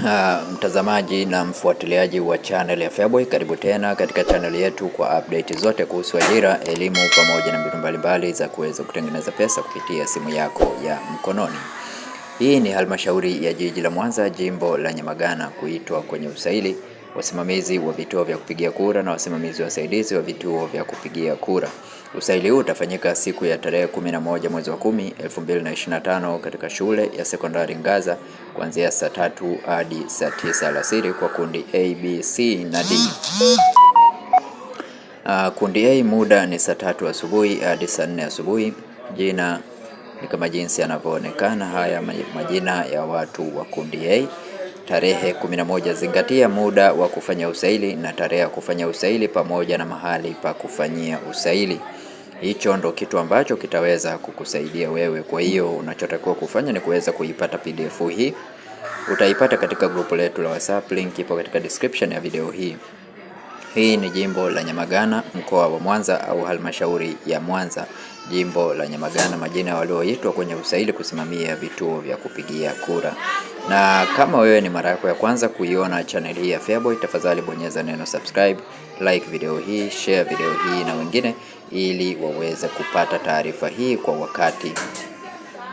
Uh, mtazamaji na mfuatiliaji wa channel ya Feaboy, karibu tena katika channel yetu kwa update zote kuhusu ajira, elimu pamoja na mbinu mbalimbali za kuweza kutengeneza pesa kupitia simu yako ya mkononi. Hii ni halmashauri ya jiji la Mwanza, jimbo la Nyamagana kuitwa kwenye usaili wasimamizi wa vituo vya kupigia kura na wasimamizi wasaidizi wa vituo vya kupigia kura. Usaili huu utafanyika siku ya tarehe 11 mwezi wa 10 2025 katika shule ya sekondari Ngaza kuanzia saa tatu hadi saa tisa alasiri kwa kundi A, B, C na D. Uh, kundi A muda ni saa tatu asubuhi hadi saa nne asubuhi. Jina ni kama jinsi yanavyoonekana. Haya majina ya watu wa kundi A tarehe 11. Zingatia muda wa kufanya usaili na tarehe ya kufanya usaili pamoja na mahali pa kufanyia usaili. Hicho ndo kitu ambacho kitaweza kukusaidia wewe. Kwa hiyo unachotakiwa kufanya ni kuweza kuipata PDF hii. Utaipata katika grupu letu la WhatsApp, link ipo katika description ya video hii. Hii ni jimbo la Nyamagana, mkoa wa Mwanza au halmashauri ya Mwanza, jimbo la Nyamagana, majina walioitwa kwenye usaili kusimamia vituo vya kupigia kura. Na kama wewe ni mara yako ya kwanza kuiona channel hii ya Feaboy, tafadhali bonyeza neno subscribe, like video hii, share video hii na wengine, ili waweze kupata taarifa hii kwa wakati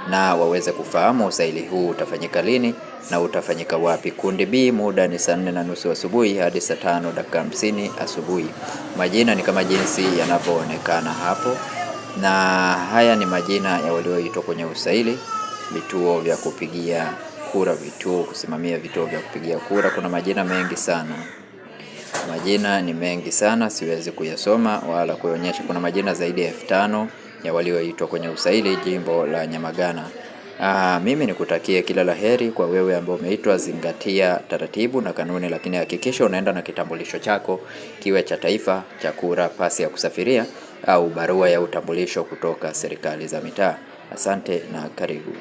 na waweze kufahamu usaili huu utafanyika lini na utafanyika wapi. Kundi B, muda ni saa nne na nusu asubuhi hadi saa tano dakika hamsini asubuhi. Majina ni kama jinsi yanavyoonekana hapo, na haya ni majina ya walioitwa kwenye usaili. Vituo vya kupigia kura, vituo kusimamia vituo vya kupigia kura. Kuna majina mengi sana, majina ni mengi sana, siwezi kuyasoma wala kuyaonyesha. Kuna majina zaidi ya elfu tano ya walioitwa kwenye usaili jimbo la Nyamagana. Aa, ah, mimi nikutakie kila la heri kwa wewe ambao umeitwa. Zingatia taratibu na kanuni, lakini hakikisha unaenda na kitambulisho chako, kiwe cha taifa, cha kura, pasi ya kusafiria au barua ya utambulisho kutoka serikali za mitaa. Asante na karibu.